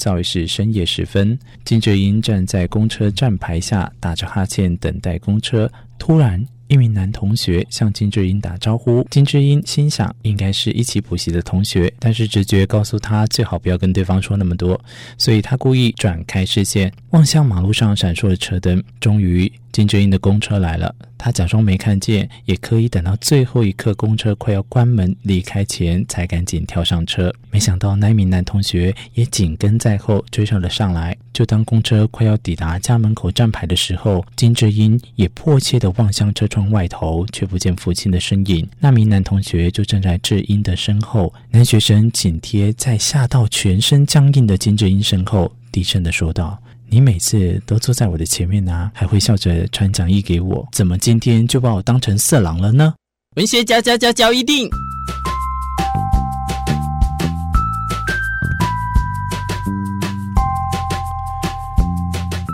早已是深夜時分，金智英站在公車站牌下打着哈欠，等待公車。突然，一名男同學向金智英打招呼，金智英心想應該是一起補習的同學，但是直覺告訴他最好不要跟對方說那麼多，所以他故意轉開視線，望向馬路上閃爍的車燈。終於，金智英的公車來了，他假裝沒看見，也可以等到最後一刻，公車快要關門離開前才趕緊跳上車。沒想到那名男同學也緊跟在後追上了上來。就當公車快要抵達家門口站牌的時候，金智英也迫切地望向車窗外頭，卻不見父親的身影。那名男同學就站在智英的身後，男學生緊貼在嚇到全身僵硬的金智英身後，低聲的說道：“你每次都坐在我的前面啊，還會笑着傳講義給我，怎麼今天就把我當成色狼了呢？”文學家家家教一定。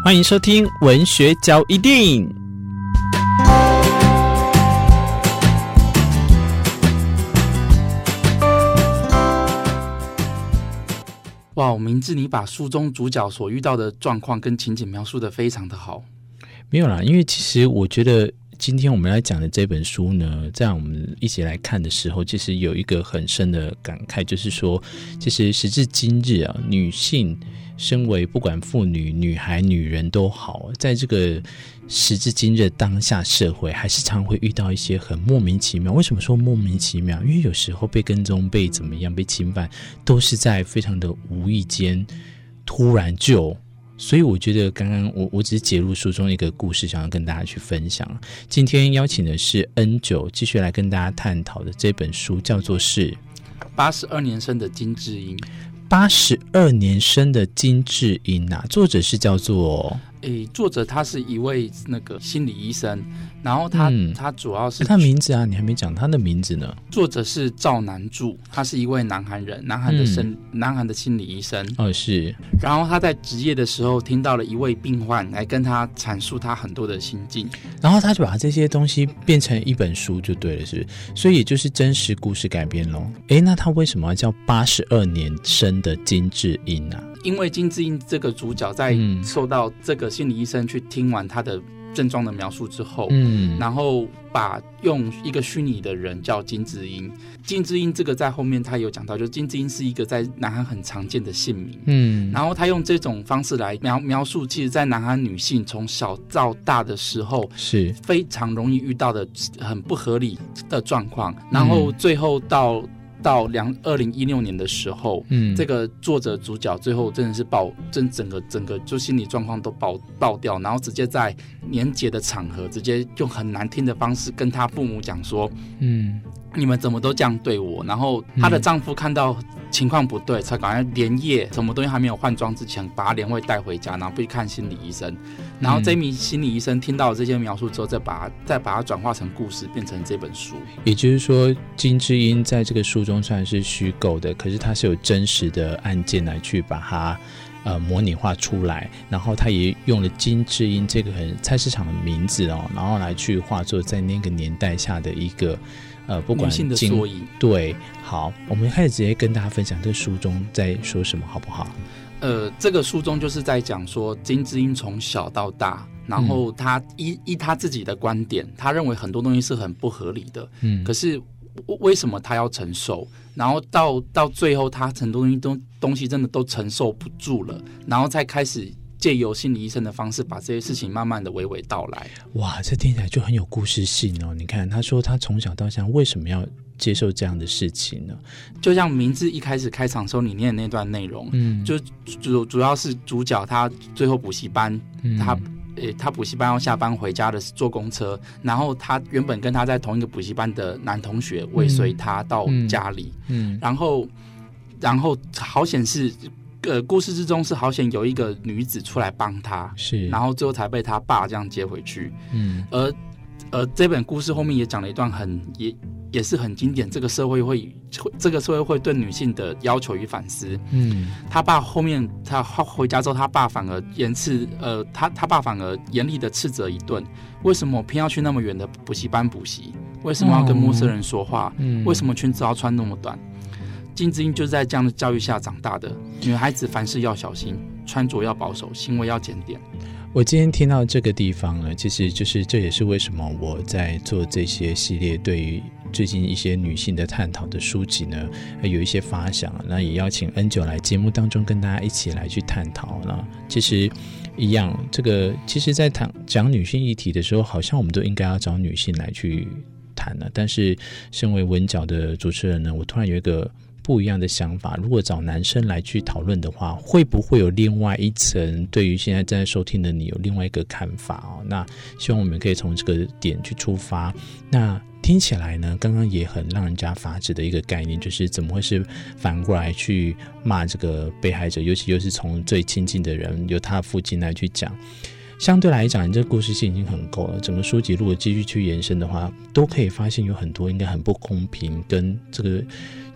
歡迎收聽文學交易電影。哇，我明知你把書中主角所遇到的狀況跟情景描述的非常的好。沒有啦，因為其實我覺得。今天我們要講的這本書呢，在我們一起來看的時候，其實有一個很深的感慨，就是說，其實時至今日啊，女性身為不管婦女、女孩、女人都好，在這個時至今日當下社會，還是常會遇到一些很莫名其妙。為什麼說莫名其妙？因為有時候被跟蹤、被怎麼樣、被侵犯，都是在非常的無意間，突然就。所以我覺得剛剛我我只是節錄書中一個故事，想要跟大家去分享。今天邀請的是 N 九，繼續來跟大家探討的這本書叫做是《八十二年生的金智英》。八十二年生的金智英啊，作者是叫做。誒，作者他是一位那個心理醫生，然後他、嗯、他主要是他名字啊，你還沒講他的名字呢？作者是趙南柱，他是一位南韓人，南韓的生、嗯、南韓的心理醫生。哦，是。然後他在執業的時候聽到了一位病患來跟他闡述他很多的心境，然後他就把這些東西變成一本書就對了，是不是？所以也就是真實故事改編嘍。哎，那他為什麼叫八十二年生的金智英啊？因為金智英這個主角在受到這個心理醫生去聽完他的症狀的描述之後，嗯，然後把用一個虛擬的人叫金智英。金智英這個在後面他有講到，就是金智英是一個在南韓很常見的姓名，嗯，然後他用這種方式來描描述其實在南韓女性從小到大的時候是非常容易遇到的很不合理的狀況，然後最後到。到兩二零一六年的時候，嗯，這個作者主角最後真的是爆，真整個整個就心理狀況都爆爆掉，然後直接在年節的場合，直接用很難聽的方式跟他父母講說，嗯，你們怎麼都這樣對我？然後她的丈夫看到、嗯。情況不對，才趕在連夜，什麼東西還沒有換裝之前，把他連會帶回家，然後去看心理醫生。然後這名心理醫生聽到這些描述之後，再把再把它轉化成故事，變成這本書。也就是說，金智英在這個書中雖然是虛構的，可是他是有真實的案件來去把它。呃，模擬畫出來，然後他也用了金智英這個很菜市場的名字哦，然後來去畫作在那個年代下的一個，呃，不管女性的縮影。對，好，我們開始直接跟大家分享這書中在說什麼好不好？呃，這個書中就是在講說金智英從小到大，然後他依、嗯、依他自己的觀點，他認為很多東西是很不合理的，嗯，可是。為什麼他要承受？然後到到最後，他很多東西都東西真的都承受不住了，然後再開始借由心理醫生的方式，把這些事情慢慢的娓娓道來。哇，這聽起來就很有故事性哦！你看，他說他從小到大為什麼要接受這樣的事情呢？就像名字一開始開場的時候你念的那段內容，嗯，就主主要是主角他最後補習班，嗯，他。欸，他補習班要下班回家的坐公車，然後他原本跟他在同一個補習班的男同學尾隨他到家裡，嗯，嗯，嗯，然後然後好險是，呃，故事之中是好險有一個女子出來幫他，是，然後最後才被他爸這樣接回去，嗯，而而這本故事後面也講了一段很也。也是很經典。這個社會會，這個社會會對女性的要求與反思。嗯，他爸後面他回家之後，他爸反而嚴斥，呃，他他爸反而嚴厲的斥責一頓：為什麼我偏要去那麼遠的補習班補習？為什麼要跟陌生人說話？嗯、為什麼裙子要穿那麼短？嗯、金智英就是在這樣的教育下長大的。女孩子凡事要小心，穿着要保守，行為要檢點。我今天聽到這個地方呢，其實就是這也是為什麼我在做這些系列對於。最近一些女性的探討的書籍呢，有一些發想，那也邀請恩九來節目當中跟大家一起來去探討。那其實一樣，這個其實在談講女性議題的時候，好像我們都應該要找女性來去談了。但是身為文角的主持人呢，我突然有一個不一樣的想法：如果找男生來去討論的話，會不會有另外一層對於現在正在收聽的你有另外一個看法哦？那希望我們可以從這個點去出發。那聽起來呢，剛剛也很讓人家發指的一個概念，就是怎麼會是反過來去罵這個被害者，尤其又是從最親近的人，由他父親來去講。相對來講，你這故事性已經很夠了。整個書籍如果繼續去延伸的話，都可以發現有很多應該很不公平跟這個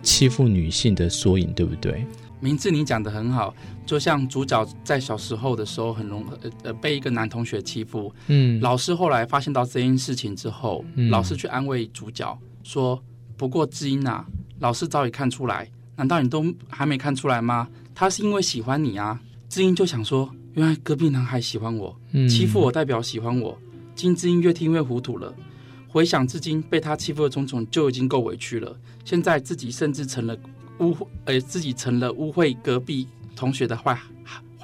欺負女性的縮影，對不對？名字，你講得很好，就像主角在小時候的時候很容易呃，呃被一個男同學欺負，嗯，老師後來發現到這件事情之後，嗯，老師去安慰主角說：“不過智英啊，老師早已看出來，難道你都還沒看出來嗎？他是因為喜歡你啊。”智英就想說：“原來隔壁男孩喜歡我，嗯，欺負我代表喜歡我。”金智英越聽越糊塗了，回想至今被他欺負的種種就已經夠委屈了，現在自己甚至成了。汙，呃，自己成了汙穢，隔壁同學的壞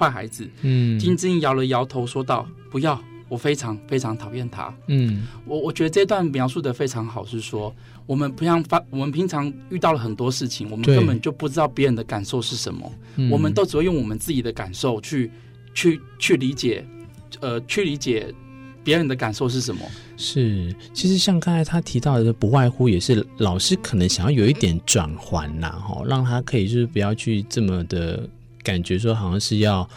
壞孩子。嗯，金智英搖了搖頭，說道：“不要，我非常非常討厭他。”嗯，我我覺得這段描述得非常好，是說我們不像發，我們平常遇到了很多事情，我們根本就不知道別人的感受是什麼，對我們都只會用我們自己的感受去、嗯、去去理解，呃，去理解。別人的感受是什麼？是，其實像剛才他提到的，不外乎也是老師可能想要有一點轉圜，然後讓他可以就是不要去這麼的感覺說好像是要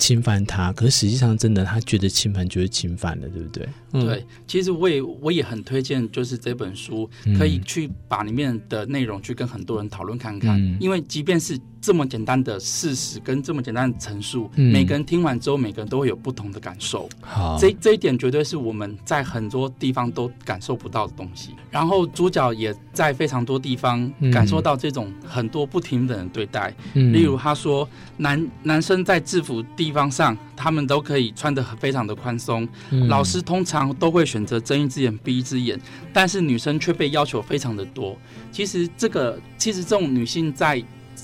侵犯他，可是實際上真的，他覺得侵犯就是侵犯了，對不對？對，嗯、其實我也我也很推薦，就是這本書可以去把裡面的內容去跟很多人討論看看，嗯、因為即便是這麼簡單的事實跟這麼簡單的陳述，嗯、每個人聽完之後，每個人都會有不同的感受。好，這這一點絕對是我們在很多地方都感受不到的東西。然後主角也在非常多地方感受到這種很多不平等的對待，嗯、例如他說，男男生在制服地。地方上，他們都可以穿得非常的寬鬆。嗯、老師通常都會選擇睜一隻眼閉一隻眼，但是女生卻被要求非常的多。其實這個，其實這種女性在。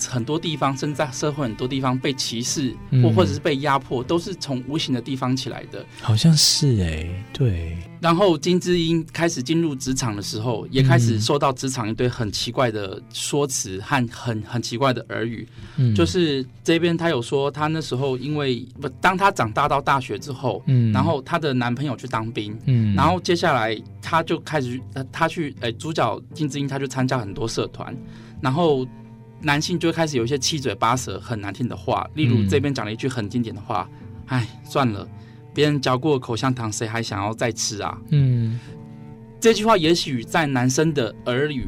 很多地方甚至在社會，很多地方被歧視或，嗯、或者是被壓迫，都是從無形的地方起來的。好像是哎，欸，對。然後金智英開始進入職場的時候，也開始受到職場一堆很奇怪的說辭和很，嗯、很奇怪的耳語。嗯，就是這邊他有說，她那時候因為不，當她長大到大學之後，嗯，然後她的男朋友去當兵，嗯，然後接下來她就開始她去，哎，主角金智英她就參加很多社團，然後。男性就開始有一些七嘴八舌、很難聽的話，例如這邊講了一句很經典的話：“哎、嗯，算了，別人嚼過口香糖，誰還想要再吃啊？”嗯，這句話也許在男生的耳語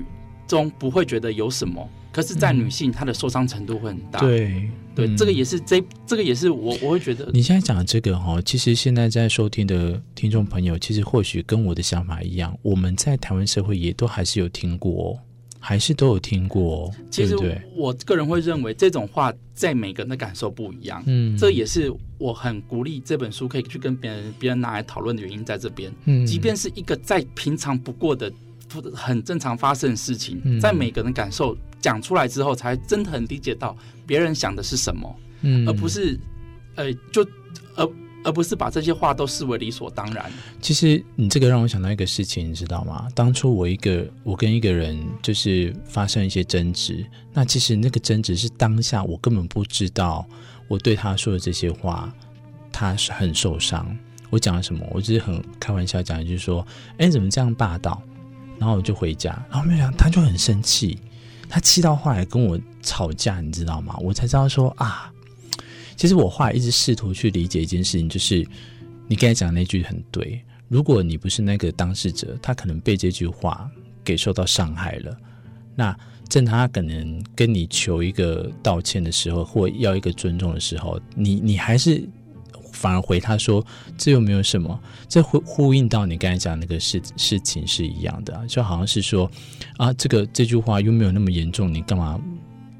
中不會覺得有什麼，可是，在女性她的受傷程度會很大。對、嗯、對，這個也是這，這個也是我我會覺得你現在講的這個哈，其實現在在收聽的聽眾朋友，其實或許跟我的想法一樣，我們在台灣社會也都還是有聽過哦。還是都有聽過，哦，其實我個人會認為這種話在每個人的感受不一樣，嗯，這也是我很鼓勵這本書可以去跟別人、別人拿來討論的原因，在這邊，嗯，即便是一個再平常不過的、很正常發生的事情，嗯、在每個人的感受講出來之後，才真的很理解到別人想的是什麼，嗯，而不是，呃，就，呃……而不是把這些話都視為理所當然。其實你這個讓我想到一個事情，你知道嗎？當初我一個，我跟一個人就是發生一些爭執。那其實那個爭執是當下我根本不知道我對他說的這些話，他是很受傷。我講了什麼？我只是很開玩笑講一句說，哎，怎麼這樣霸道？然後我就回家，然後沒想到他就很生氣，他氣到後來跟我吵架，你知道嗎？我才知道說啊。其實我話一直試圖去理解一件事情，就是你剛才講那句很對。如果你不是那個當事者，他可能被這句話給受到傷害了。那正他可能跟你求一個道歉的時候，或要一個尊重的時候，你你還是反而回他說，這又沒有什麼，這呼呼應到你剛才講那個事事情是一樣的，就好像是說啊這個這句話又沒有那麼嚴重，你幹嘛？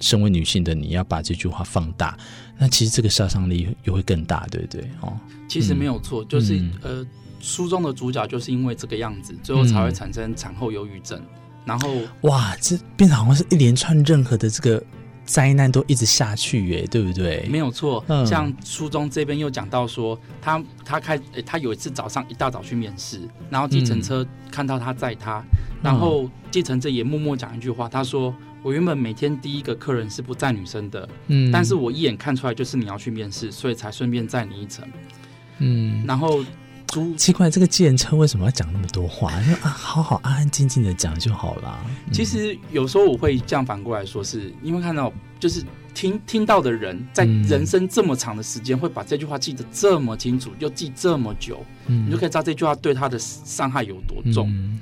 身為女性的你，要把這句話放大，那其實這個殺傷力又會更大，對不對？哦，其實沒有錯，嗯、就是呃，書中的主角就是因為這個樣子，嗯、最後才會產生產後憂鬱症。然後，哇，這變成好像是一連串任何的這個災難都一直下去，耶，對不對？沒有錯，嗯、像書中這邊又講到說，他他開、欸、他有一次早上一大早去面試，然後計程車看到他載他，嗯、然後計程車也默默講一句話，他說。我原本每天第一個客人是不載女生的，嗯，但是我一眼看出來就是你要去面試，所以才順便載你一程，嗯，然後，奇怪，這個計程車為什麼要講那麼多話？因為好好安安靜靜的講就好了。嗯、其實有時候我會這樣反過來說是，是因為看到就是聽聽到的人，在人生這麼長的時間，會把這句話記得這麼清楚，又記這麼久，嗯、你就可以知道這句話對他的傷害有多重。嗯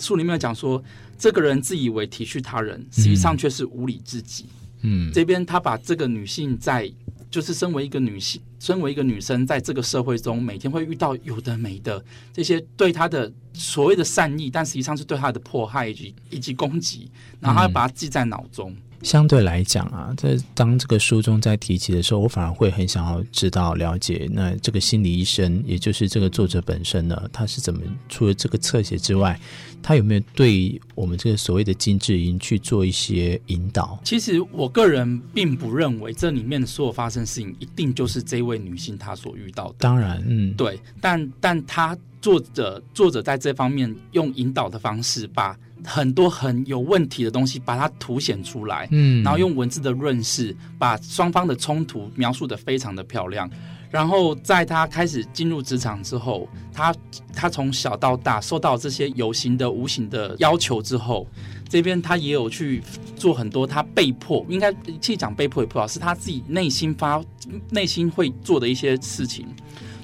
書裡面有講說，這個人自以為體恤他人，實際上卻是無理至極。嗯。嗯，這邊他把這個女性在，就是身為一個女性，身為一個女生，在這個社會中，每天會遇到有的沒的這些對她的所謂的善意，但實際上是對她的迫害及以及攻擊，然後他把它記在腦中。嗯相對來講啊，在當這個書中在提起的時候，我反而會很想要知道了解那這個心理醫生，也就是這個作者本身呢，他是怎麼除了這個側寫之外，他有沒有對我們這個所謂的金智英去做一些引導？其實我個人並不認為這裡面所有發生的事情一定就是這位女性她所遇到的。當然，嗯，對，但但她作者作者在這方面用引導的方式吧。很多很有問題的東西，把它凸顯出來，嗯，然後用文字的潤飾，把雙方的衝突描述得非常的漂亮。然後在他開始進入職場之後，他他從小到大受到這些有形的、無形的要求之後，這邊他也有去做很多他被迫，應該既講被迫也不好，是他自己內心發、內心會做的一些事情。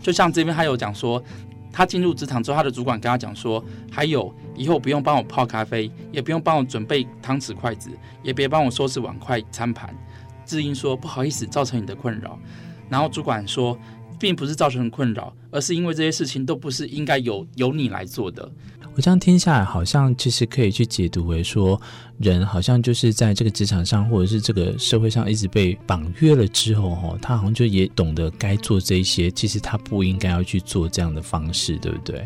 就像這邊他有講說，他進入職場之後，他的主管跟他講說，還有。以後不用幫我泡咖啡，也不用幫我準備湯匙、筷子，也別幫我收拾碗筷、餐盤。智英說：“不好意思，造成你的困擾。”然後主管說：“並不是造成困擾，而是因為這些事情都不是應該由由你來做的。”我這樣聽下來，好像其實可以去解讀為說，人好像就是在這個職場上，或者是這個社會上，一直被綁約了之後，哦，他好像就也懂得該做這些，其實他不應該要去做這樣的方式，對不對？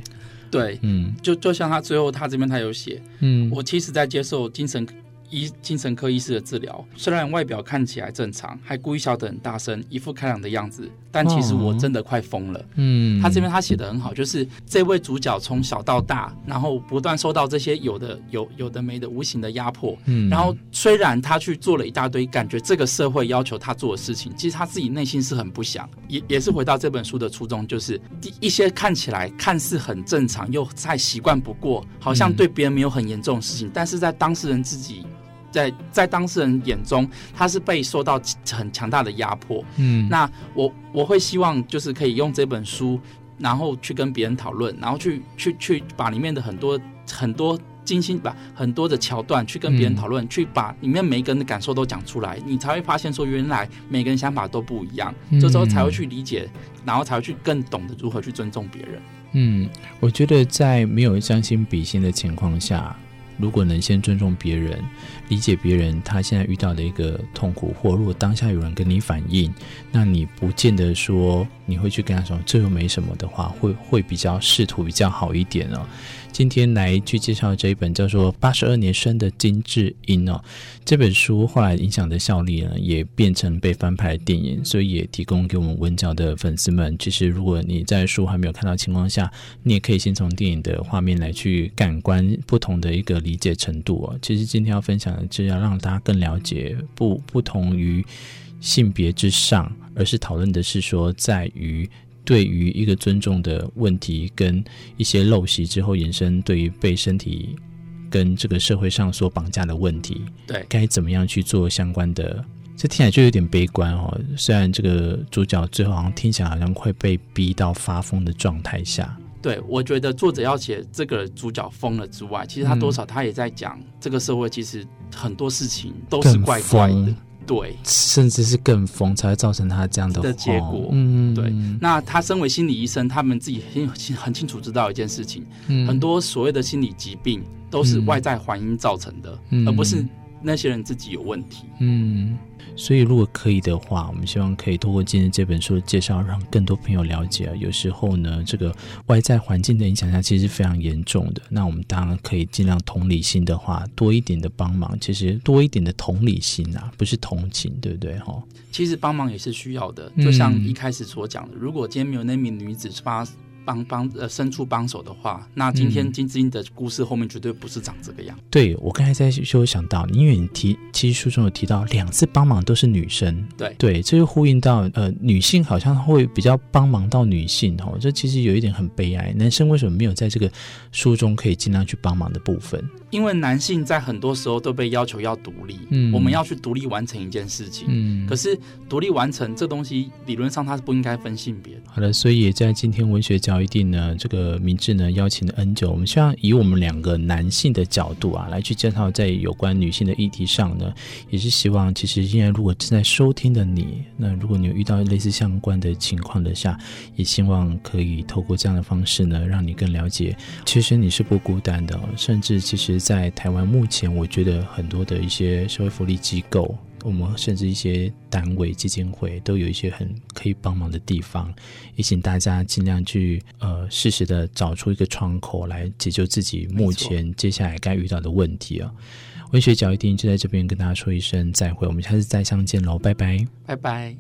對，嗯，就就像他最後他這邊他有寫，嗯，我其實在接受精神。醫精神科醫師的治療，雖然外表看起來正常，還故意笑得很大聲，一副開朗的樣子，但其實我真的快瘋了。嗯，oh. mm. 他這邊他寫得很好，就是這位主角從小到大，然後不斷受到這些有的有有的沒的無形的壓迫。嗯，mm. 然後雖然他去做了一大堆，感覺這個社會要求他做的事情，其實他自己內心是很不想。也也是回到這本書的初衷，就是一一些看起來看似很正常，又再習慣不過，好像對別人沒有很嚴重的事情，mm. 但是在當事人自己。在在當事人眼中，他是被受到很強大的壓迫。嗯，那我我會希望就是可以用這本書，然後去跟別人討論，然後去去去把裡面的很多很多精心把很多的橋段去跟別人討論，嗯，去把裡面每一個人的感受都講出來，你才會發現說原來每個人想法都不一樣。這時候才會去理解，然後才會去更懂得如何去尊重別人。嗯，我覺得在沒有將心比心的情況下，如果能先尊重別人、理解別人，他現在遇到的一個痛苦，或如果當下有人跟你反映，那你不見得說你會去跟他說這又沒什麼的話，會會比較試圖比較好一點哦。今天來去介紹這一本叫做《82年生的金智英》哦，這本書後來影響的效力呢，也變成被翻拍電影，所以也提供給我們文教的粉絲們。其實，如果你在書還沒有看到的情況下，你也可以先從電影的畫面來去感官不同的一個理解程度哦，其實今天要分享的，就是要讓大家更了解，不不同於性別之上，而是討論的是說在於。對於一個尊重的問題跟一些陋習之後，衍生，對於被身體跟這個社會上所綁架的問題，對，該怎麼樣去做相關的？這聽起來就有點悲觀哦。雖然這個主角最後好像聽起來好像會被逼到發瘋的狀態下，對我覺得作者要寫這個主角瘋了之外，其實他多少，嗯，他也在講這個社會其實很多事情都是怪怪的。對，甚至是更瘋，才會造成他這樣的，的結果。嗯，對。嗯、那他身為心理醫生，他們自己很清很清楚知道一件事情，嗯、很多所謂的心理疾病都是外在原因造成的，嗯、而不是。那些人自己有問題，嗯，所以如果可以的話，我們希望可以通過今天這本書的介紹，讓更多朋友了解，有時候呢，這個外在環境的影響下，其實非常嚴重的。那我們當然可以盡量同理心的話，多一點的幫忙，其實多一點的同理心啊，不是同情，對不對？哈、哦，其實幫忙也是需要的，就像一開始所講的，嗯、如果今天沒有那名女子發。幫幫呃伸出幫手的話，那今天金智英的故事後面絕對不是長這個樣、嗯。對我剛才在就想到，你因為你提其實書中有提到兩次幫忙都是女生，對對，這就呼應到呃女性好像會比較幫忙到女性哦，這其實有一點很悲哀，男生為什麼沒有在這個書中可以盡量去幫忙的部分？因為男性在很多時候都被要求要獨立，嗯，我們要去獨立完成一件事情，嗯，可是獨立完成這東西理論上它是不應該分性別的。好的，所以也在今天文學教。一定呢，這個名字呢邀請的恩九，我們希望以我們兩個男性的角度啊，來去介紹在有關女性的議題上呢，也是希望其實現在如果正在收聽的你，那如果你有遇到類似相關的情況的下，也希望可以透過這樣的方式呢，讓你更了解，其實你是不孤單的，甚至其實，在台灣目前我覺得很多的一些社會福利機構。我們甚至一些單位、基金會都有一些很可以幫忙的地方，也請大家儘量去呃適時的找出一個窗口來解救自己目前接下來該遇到的問題啊。錯文學角一定就在這邊跟大家說一聲再會，我們下次再相見嘍，拜拜，拜拜。